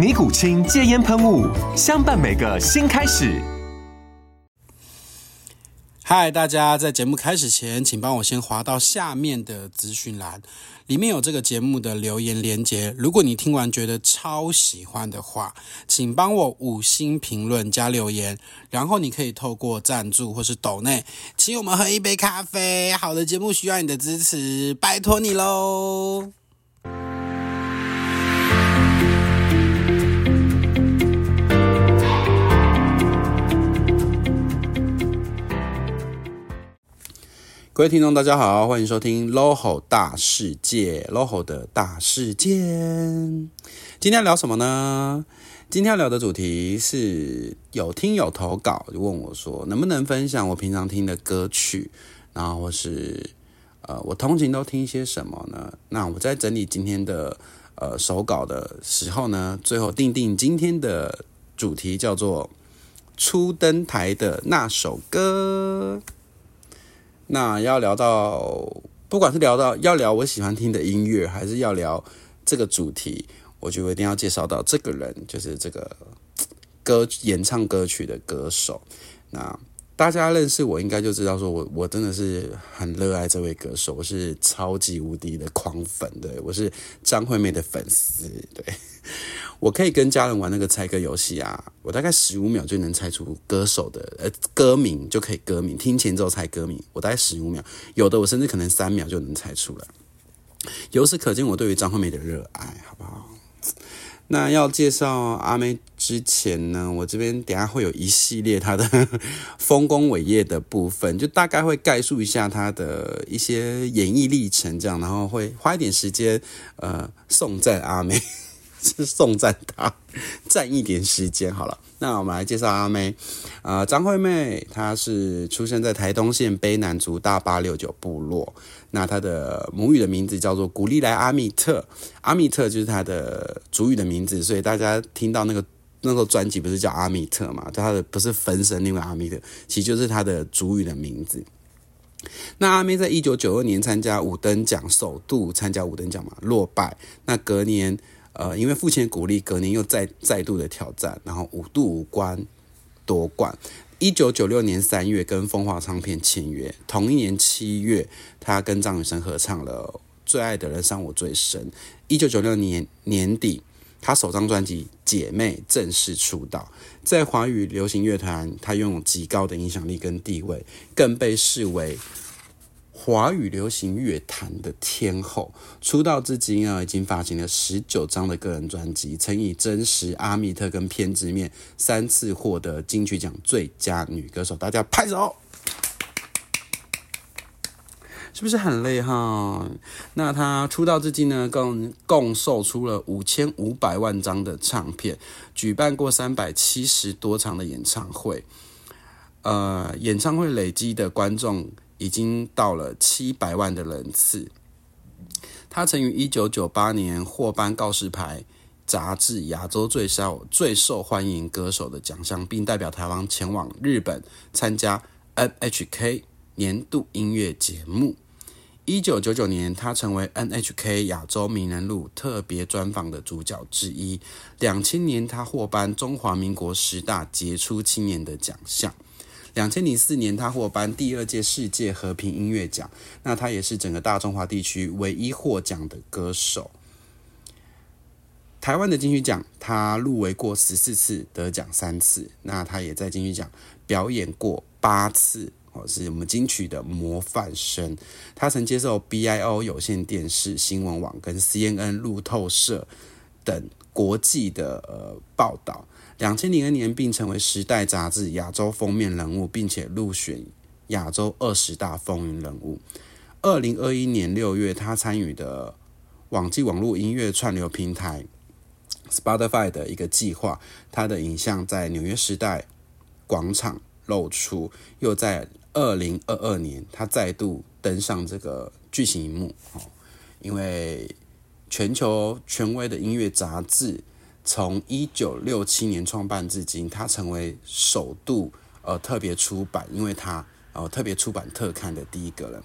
尼古清戒煙噴霧，相伴每個新開始。嗨，大家！在節目開始前，請幫我先滑到下面的資訊欄，裡面有這個節目的留言連結。如果你聽完覺得超喜歡的話，請幫我五星評論加留言。然後你可以透過贊助或是抖內，請我們喝一杯咖啡。好的節目需要你的支持，拜託你嘍！各位聽眾，大家好，歡迎收聽《LOHO 大世界》，LOHO 的大世界。今天聊什麼呢？今天聊的主題是有聽友投稿，就問我說能不能分享我平常聽的歌曲，然後我是呃我通勤都聽一些什麼呢？那我在整理今天的呃手稿的時候呢，最後訂定今天的主題叫做《初登台的那首歌》。那要聊到，不管是聊到要聊我喜歡聽的音樂，還是要聊這個主題，我覺得一定要介紹到這個人，就是這個歌演唱歌曲的歌手。那。大家認識我應該就知道，說我我真的是很熱愛這位歌手，我是超級無敵的狂粉的，我是張惠妹的粉絲。對，我可以跟家人玩那個猜歌遊戲啊，我大概十五秒就能猜出歌手的呃歌名，就可以歌名聽前奏猜歌名，我大概十五秒，有的我甚至可能三秒就能猜出來。由此可見，我對於張惠妹的熱愛，好不好？那要介紹阿妹之前呢，我這邊等一下會有一系列她的豐功偉業的部分，就大概會概述一下她的一些演藝歷程，這樣，然後會花一點時間，呃，頌讚阿妹。是頌讚他，佔一點時間好了。那我們來介紹阿妹，呃，張惠妹，她是出生在台東縣卑南族大八六九部落。那她的母語的名字叫做古力萊阿密特，阿密特就是她的族語的名字。所以大家聽到那個那個專輯不是叫阿密特嘛？她的不是分身，另外阿密特其實就是她的族語的名字。那阿妹在一九九二年參加五燈獎，首度參加五燈獎嘛，落敗。那隔年。呃，因為父親的鼓勵，隔年又再再度的挑戰，然後五度五關奪冠。一九九六年三月跟豐華唱片簽約，同一年七月他跟張雨生合唱了《最愛的人傷我最深》。一九九六年年底，他首張專輯《姐妹》正式出道，在華語流行樂壇，他擁有極高的影響力跟地位，更被視為。華語流行樂壇的天後，出道至今啊、呃，已經發行了十九張的個人專輯，曾以《真實》《阿密特》跟《偏執面》三次獲得金曲獎最佳女歌手。大家拍手，是不是很累哈？那她出道至今呢，共共售出了五千五百萬張的唱片，舉辦過三百七十多場的演唱會，呃、演唱會累積的觀眾。已經到了七百萬的人次。他曾於一九九八年獲頒告示牌雜誌亞洲最少最受歡迎歌手的獎項，並代表台灣前往日本參加 NHK 年度音樂節目。一九九九年，他成為 NHK 亞洲名人錄特別專訪的主角之一。兩千年，他獲頒中華民國十大傑出青年的獎項。兩千零四年，他獲頒第二屆世界和平音樂獎，那他也是整個大中華地區唯一獲獎的歌手。台灣的金曲獎，他入圍過十四次，得獎三次。那他也在金曲獎表演過八次，哦，是我們金曲的模範生。他曾接受 BIO 有線電視新聞網跟 CNN 路透社等。國際的，呃，報道，二零零二年並成為《時代》雜誌亞洲封面人物，並且入選亞洲二十大風雲人物。二零二一年六月，他參與的網際網絡音樂串流平台 Spotify 的一個計劃，他的影像在紐約時代廣場露出，又在二零二二年他再度登上這個巨型熒幕，哦，因為。全球權威的音樂雜誌，從一九六七年創辦至今，它成為首度呃特別出版，因為它呃特別出版特刊的第一個人。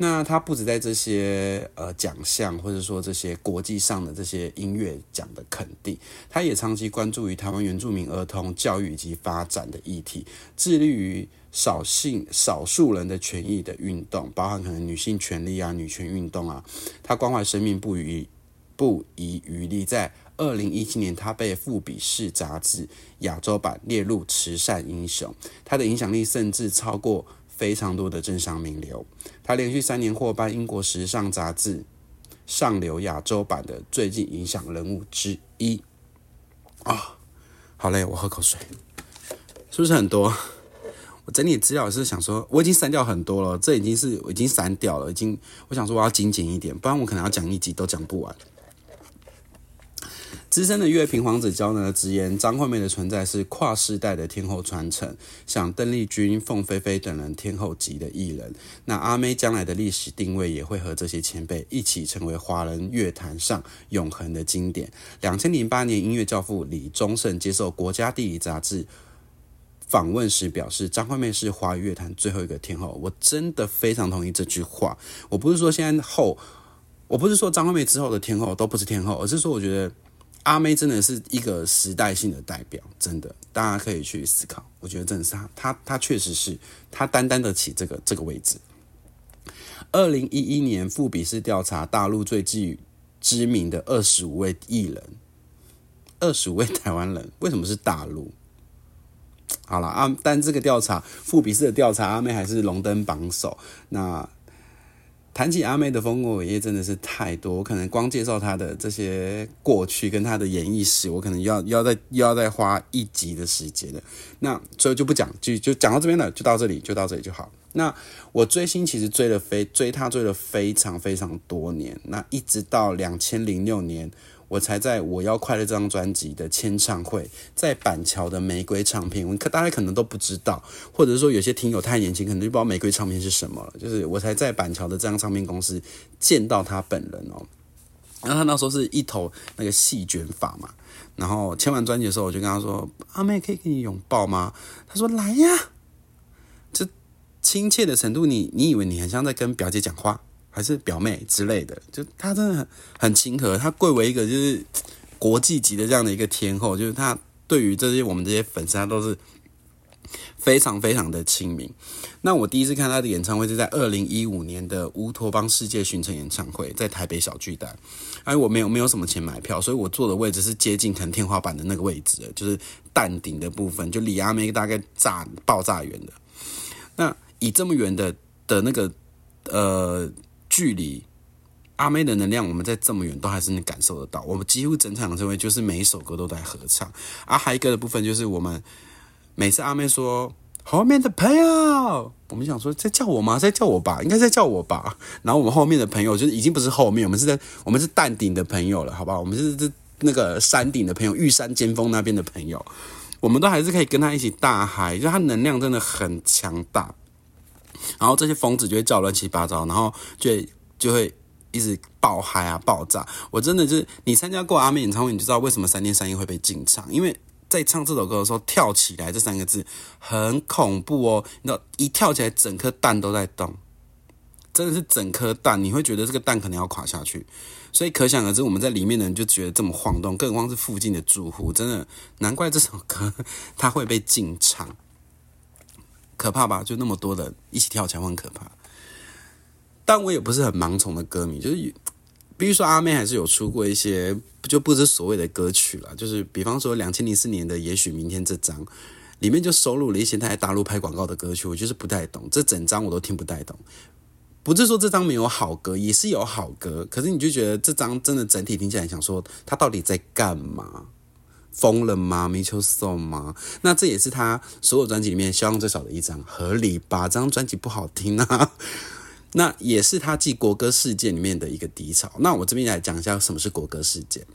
那它不止在這些呃獎項，或者說這些國際上的這些音樂獎的肯定，它也長期關注於台灣原住民兒童教育以及發展的議題，致力於少數少數人的權益的運動，包含可能女性權利啊、女權運動啊，它關懷生命不渝。不遺餘力，在二零一七年，他被复《富比士》雜誌亞洲版列入慈善英雄。他的影響力甚至超過非常多的政商名流。他連續三年獲頒英國時尚雜誌《上流亞洲版》的最具影響人物之一。啊、哦，好嘞，我喝口水，是不是很多？我整理資料是想說，我已經刪掉很多了，這已經是已經刪掉了，已經我想說我要精簡一點，不然我可能要講一集都講不完。資深的樂評黃子佼呢直言，張惠妹的存在是跨世代的天后傳承，像鄧麗君、鳳飛飛等人天後級的藝人。那阿妹將來的歷史定位也會和這些前輩一起成為華人樂壇上永恆的經典。兩千零八年，音樂教父李宗盛接受《國家地理》雜誌訪問時表示：“張惠妹是華語樂壇最後一個天後。”我真的非常同意這句話。我不是說現在後，我不是說張惠妹之後的天后都不是天後，而是說我覺得。阿妹真的是一個時代性的代表，真的，大家可以去思考。我覺得真的是她，她，她確實是她擔當得起這個這個位置。二零一一年富比士調查大陸最具知名的二十五位藝人，二十五位台灣人，為什麼是大陸？好了，阿，但這個調查富比士的調查，阿妹還是榮登榜首。那。談起阿妹的豐功偉業，真的是太多。我可能光介紹她的這些過去跟她的演藝史，我可能要要再又要再花一集的時間的。那所以就不講，就就講到這邊了，就到這裡，就到這裡就好。那我追星其實追了非追她追了非常非常多年，那一直到兩千零六年。我才在《我要快樂》這張專輯的簽唱會在板橋的玫瑰唱片，可大家可能都不知道，或者說有些聽友太年輕，可能就不知道玫瑰唱片是什麼了。就是我才在板橋的這張唱片公司見到他本人哦，然後他那時候是一頭那個細捲髮嘛，然後簽完專輯的時候，我就跟他說：“阿、啊、妹可以跟你擁抱嗎？”他說：“來呀！”這親切的程度你，你你以為你很像在跟表姐講話？還是表妹之類的，就她真的很很親和。她貴為一個就是國際級的這樣的一個天後，就是她對於這些我們這些粉絲，她都是非常非常的親民。那我第一次看她的演唱會是在二零一五年的烏托邦世界巡城演唱會，在台北小巨蛋。哎，我沒有沒有什麼錢買票，所以我坐的位置是接近可能天花板的那個位置，就是蛋頂的部分，就離阿妹大概炸爆炸遠的。那以這麼遠的的那個呃。距離阿妹的能量，我們在這麼遠都還是能感受得到。我們幾乎整場演唱會就是每一首歌都在合唱。阿嗨歌的部分就是我們每次阿妹說後面的朋友，我們想說，在叫我嗎？在叫我吧，應該在叫我吧。然後我們後面的朋友就是已經不是後面，我們是在我們是山頂的朋友了，好不好？我們是是那個山頂的朋友，玉山尖峰那邊的朋友，我們都還是可以跟他一起大嗨，就是他能量真的很強大。然後這些瘋子就會叫亂七八糟，然後就就會一直爆嗨啊，爆炸！我真的就是你參加過阿妹演唱會，你就知道為什麼三天三夜會被禁唱。因為在唱這首歌的時候，跳起來這三個字很恐怖哦。你知道一跳起來，整顆蛋都在動，真的是整顆蛋，你會覺得這個蛋可能要垮下去。所以可想而知，我們在裡面的人就覺得這麼晃動，更何況是附近的住戶，真的難怪這首歌它會被禁唱。可怕吧？就那麼多的一起跳起來會很可怕。但我也不是很盲從的歌迷，就是比如說阿妹，還是有出過一些就不知所謂的歌曲了。就是比方說二千零四年的《也許明天》這張，裡面就收錄了一些她在大陸拍廣告的歌曲，我就是不太懂。這整張我都聽不太懂。不是說這張沒有好歌，也是有好歌，可是你就覺得這張真的整體聽起來，想說他到底在幹嘛？瘋了嗎？《沒 e t 嗎？那這也是他所有專輯裡面銷量最少的一張，合理吧？這張專輯不好聽啊。 那也是他記國歌事件裡面的一個低潮。那我這邊來講一下什麼是國歌事件。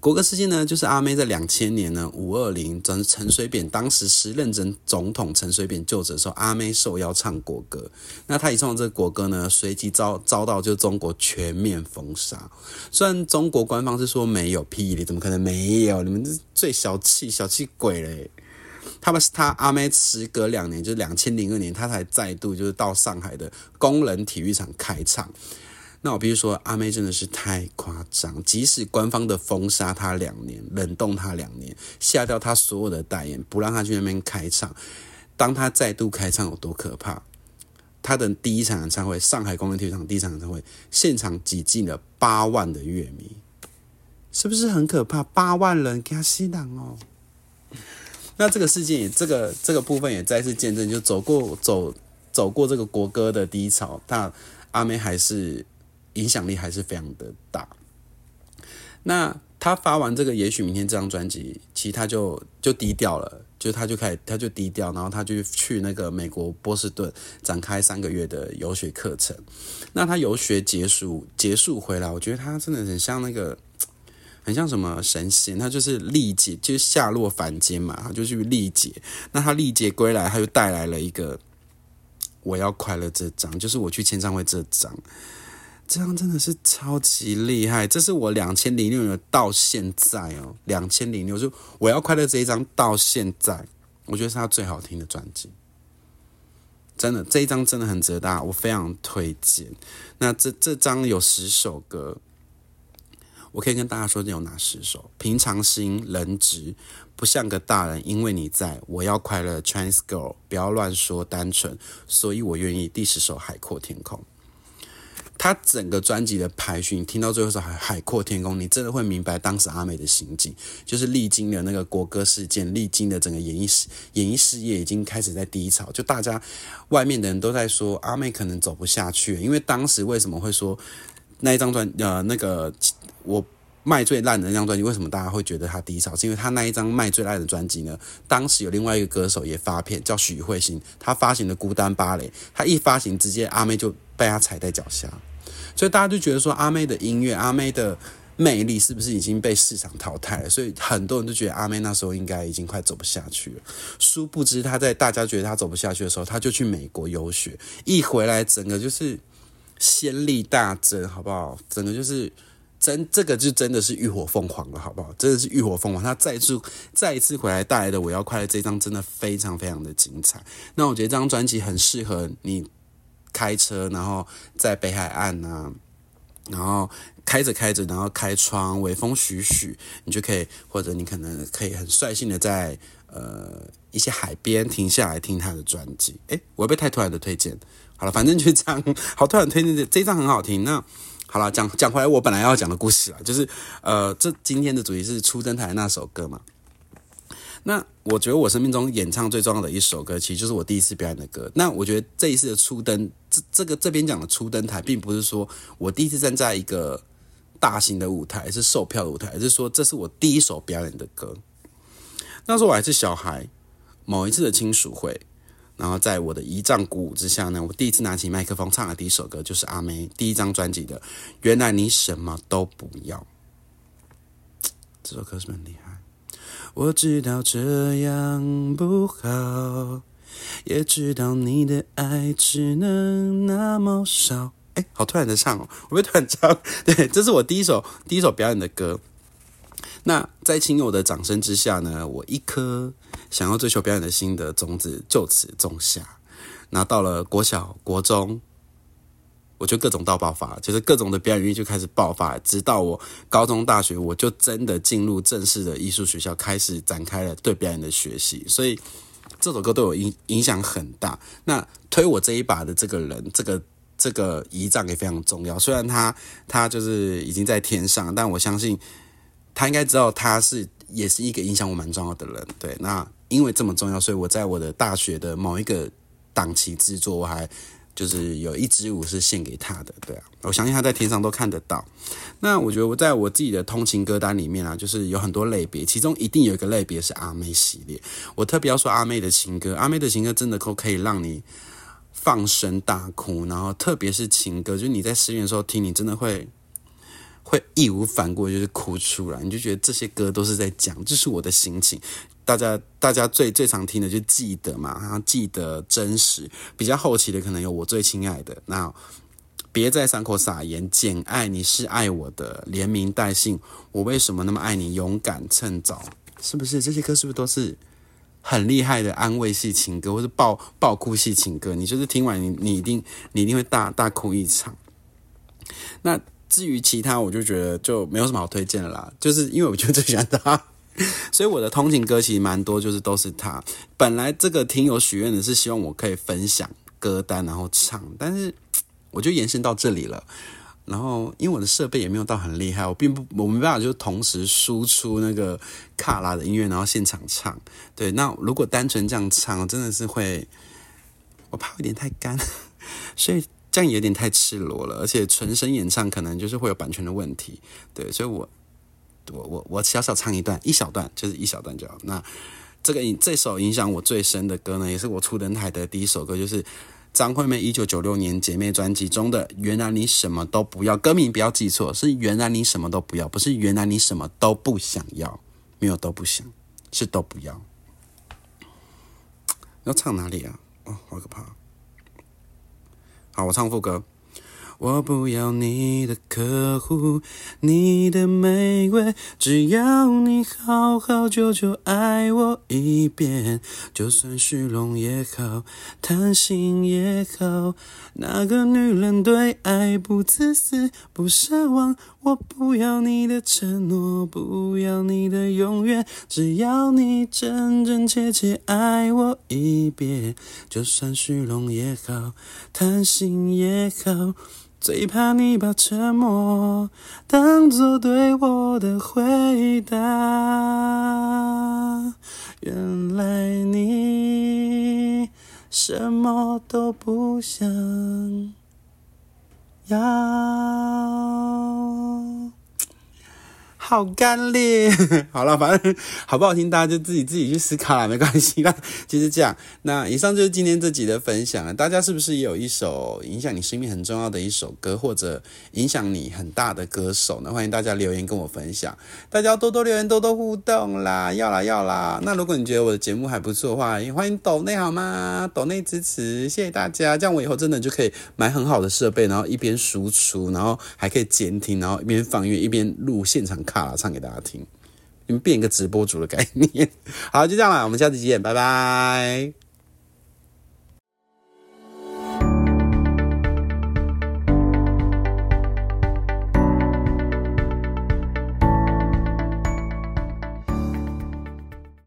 國歌事件呢，就是阿妹在兩千年呢，五二零陳水扁當時時任總統，陳水扁就職的時候，阿妹受邀唱國歌，那她一唱這個國歌呢，隨即遭遭到就中國全面封殺。雖然中國官方是說沒有霹靂，怎麼可能沒有？你們最小氣小氣鬼嘞！他們是阿妹，時隔兩年，就是兩千零二年，她才再度就是到上海的工人體育場開唱。那我必須說，阿妹真的是太誇張，即使官方的封殺她兩年，冷凍她兩年，下掉她所有的代言，不讓她去那邊開唱，當她再度開唱有多可怕？她的第一場演唱會，上海工人體育場第一場演唱會，現場擠進了八萬的樂迷，是不是很可怕？八萬人給她吸囊哦。那這個事件，這個這個部分也再次見證，就走過走走過這個國歌的低潮，但阿妹還是。影響力還是非常的大。那他發完這個，也許明天這張專輯，其實他就就低調了，就他就開始他就低調，然後他就去那個美國波士頓展開三個月的遊學課程。那他遊學結束結束回來，我覺得他真的很像那個，很像什麼神仙，他就是歷劫，就是下落凡間嘛，他就去歷劫。那他歷劫歸來，他就帶來了一個我要快樂這張，就是我去簽唱會這張。這張真的是超級厲害，這是我兩千零六到現在哦，兩千零六，就我要快樂這一張到現在，我覺得是他最好聽的專輯，真的這一張真的很值得大家，我非常推薦。那這這張有十首歌，我可以跟大家說，有哪十首？平常心，人質不像個大人，因為你在我要快樂，Chinese Girl，不要亂說，單純，所以我願意。第十首海闊天空。他整個專輯的排序，你聽到最後是海海闊天空，你真的會明白當時阿妹的心境，就是歷經了那個國歌事件，歷經了整個演藝事演藝事業已經開始在低潮，就大家外面的人都在說阿妹可能走不下去，因為當時為什麼會說那一張專呃那個我。賣最爛的那張專輯，為什麼大家會覺得他低潮？是因為他那一張賣最爛的專輯呢？當時有另外一個歌手也發片，叫許慧欣，他發行的《孤單芭蕾》，他一發行，直接阿妹就被他踩在腳下，所以大家就覺得說阿妹的音樂、阿妹的魅力是不是已經被市場淘汰了？所以很多人都覺得阿妹那時候應該已經快走不下去了。殊不知，他在大家覺得他走不下去的時候，他就去美國遊學，一回來，整個就是先例大增，好不好？整個就是。真這個就真的是浴火鳳凰了，好不好？真的是浴火鳳凰。他再一次再一次回來帶來的《我要快樂》這張，真的非常非常的精彩。那我覺得這張專輯很適合你開車，然後在北海岸啊，然後開着開着，然後開窗，微風徐徐，你就可以，或者你可能可以很率性的在呃一些海邊停下來聽他的專輯。誒、欸，我被太突然的推薦，好了，反正就這樣，好突然推薦這這張很好聽。那。好了，講講回來我本來要講的故事了，就是呃，這今天的主題是《初登台》的那首歌嘛。那我覺得我生命中演唱最重要的一首歌，其實就是我第一次表演的歌。那我覺得這一次的初登，這這個這邊講的初登台，並不是說我第一次站在一個大型的舞台，是售票的舞台，而是說這是我第一首表演的歌。那時候我還是小孩，某一次的親屬會。然後在我的姨丈鼓舞之下呢，我第一次拿起麥克風唱的第一首歌就是阿妹第一張專輯的《原來你什麼都不要》。這首歌是，是很厲害。我知道這樣不好，也知道你的愛只能那麼少。哎，好突然的唱哦！我會突然唱，對，這是我第一首第一首表演的歌。那在親友的掌聲之下呢，我一顆想要追求表演的心的種子就此種下。那到了國小、國中，我就各種到爆發，就是各種的表演欲就開始爆發。直到我高中、大學，我就真的進入正式的藝術學校，開始展開了對表演的學習。所以這首歌對我影影響很大。那推我這一把的這個人，這個這個姨丈，也非常重要。雖然他他就是已經在天上，但我相信。他應該知道，他是也是一個影響我蠻重要的人。對，那因為這麼重要，所以我在我的大學的某一個檔期制作，我還就是有一支舞是獻給他的。對啊，我相信他在天上都看得到。那我覺得我在我自己的通勤歌單裡面啊，就是有很多類別，其中一定有一個類別是阿妹系列。我特別要說阿妹的情歌，阿妹的情歌真的可可以讓你放聲大哭，然後特別是情歌，就是你在失戀的時候聽，你真的會。會義無反顧，就是哭出來，你就覺得這些歌都是在講，這、就是我的心情。大家，大家最最常聽的就記得嘛，然後記得真實。比較後期的可能有《我最親愛的》，那《別在傷口撒鹽》《剪愛》，你是愛我的，連名帶姓。我為什麼那麼愛你？勇敢趁早，是不是？這些歌是不是都是很厲害的安慰系情歌，或是爆爆哭系情歌？你就是聽完你，你你一定你一定會大大哭一場。那。至於其他，我就覺得就沒有什麼好推薦的啦，就是因為我覺得最喜歡他，所以我的通勤歌其實蠻多，就是都是他。本來這個聽友許願的是希望我可以分享歌單，然後唱，但是我就延伸到這裡了。然後因為我的設備也沒有到很厲害，我並不我沒辦法就同時輸出那個卡拉的音樂，然後現場唱。對，那如果單純這樣唱，真的是會，我怕有點太乾，所以。這樣有點太赤裸了，而且純聲演唱可能就是會有版權的問題，對，所以我我我我小小唱一段，一小段就是一小段就好。那這個影這首影響我最深的歌呢，也是我初登台的第一首歌，就是張惠妹一九九六年姐妹專輯中的《原來你什麼都不要》，歌名不要記錯，是《原來你什麼都不要》，不是《原來你什麼都不想要》，沒有都不想，是都不要。要唱哪裡啊？哦，好可怕。好，我唱副歌。我不要你的呵護，你的玫瑰，只要你好好久久愛我一遍。就算虛榮也好，貪心也好，哪個女人對愛不自私不奢望？我不要你的承諾，不要你的永遠，只要你真真切切愛我一遍。就算虛榮也好，貪心也好。最怕你把沉默當作對我的回答，原來你什麼都不想要。好乾裂， 好了，反正好不好聽，大家就自己自己去思考啦，沒關係啦，就是這樣，那以上就是今天這集的分享了。大家是不是也有一首影響你生命很重要的一首歌，或者影響你很大的歌手呢？歡迎大家留言跟我分享。大家要多多留言，多多互動啦！要啦要啦。那如果你覺得我的節目還不錯的話，也歡迎抖內好嗎？抖內支持，謝謝大家。這樣我以後真的就可以買很好的設備，然後一邊輸出，然後還可以監聽，然後一邊放樂，一邊錄現場看唱給大家聽，你們變一個直播主的概念。好，就這樣了，我們下次見，拜拜。